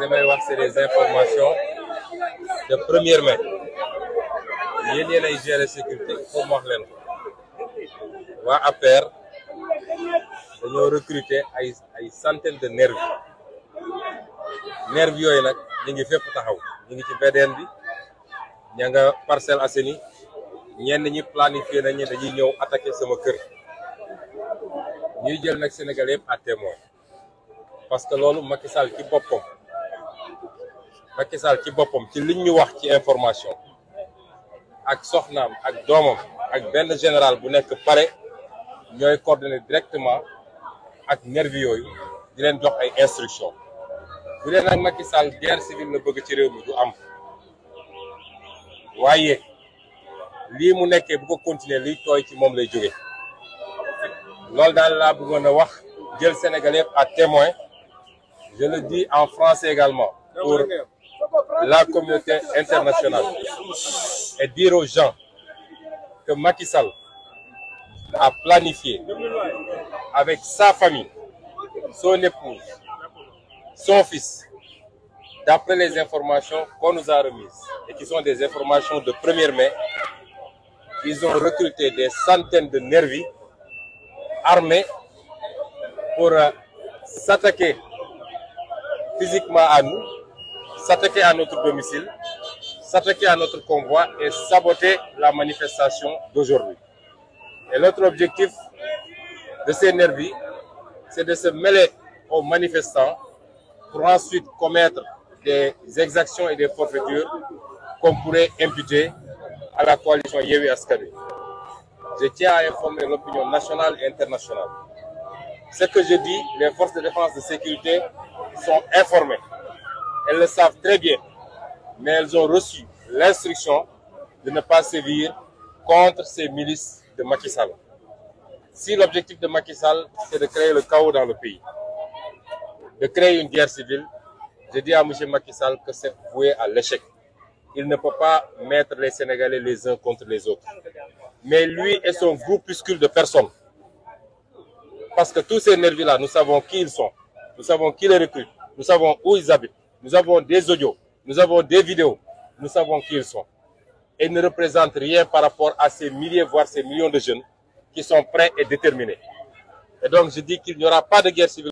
que may wax c'est des informations de première main yéen yéen ay gérer sécurité foofu wax leen ko waa APR dañoo recruter ay ay centaines de nervis nervis yooyu nag ñu ngi fépp taxaw ñu ngi ci BDN bi ña nga Parcelles Assainies ñenn ñi planifié nañu dañuy ñëw attaqué sama kër ñuy jël nag Sénégal yëpp à témoin parce que loolu Macky Sall ci boppam. Macky Sall ci boppam ci liñ ñu wax ci information ak soxnaam ak doomam ak benn général bu nekk pare ñooy coordonné directement ak nervi yooyu di leen jox ay instruction bu dee nag Macky Sall guerre la bëgg ci réew mi du am waaye lii mu nekkee bu ko continuer liy tooy ci moom lay jóge loolu daal laa bëggoon a wax jël Sénégal yëpp à témoin je le en français également pour la communauté internationale et dire aux gens que Macky a planifié avec sa famille, son épouse, son fils, d'après les informations qu'on nous a remises et qui sont des informations de 1 mai, ils ont recruté des centaines de nervis armés pour euh, s'attaquer physiquement à nous s'attaquer à notre domicile, s'attaquer à notre convoi et saboter la manifestation d'aujourd'hui. Et l'autre objectif de ces c'est de se mêler aux manifestants pour ensuite commettre des exactions et des forfaitures qu'on pourrait imputer à la coalition Yewwi Askan Wi. Je tiens à informer l'opinion nationale et internationale. Ce que je dis, les forces de défense de sécurité sont informées. Elles le savent très bien, mais elles ont reçu l'instruction de ne pas sévir contre ces milices de Macky Sall. Si l'objectif de Macky Sall, c'est de créer le chaos dans le pays, de créer une guerre civile, je dis à M. Macky Sall que c'est voué à l'échec. Il ne peut pas mettre les Sénégalais les uns contre les autres. Mais lui et son groupuscule de personnes, parce que tous ces nervis-là, nous savons qui ils sont, nous savons qui les recrutent, nous savons Nous avons des audios, nous des vidéos, nous savons qui ils sont. Et ne représentent rien par rapport à ces milliers, voire ces millions de jeunes qui sont prêts et déterminés. je dis qu'il n'y aura pas de guerre civile.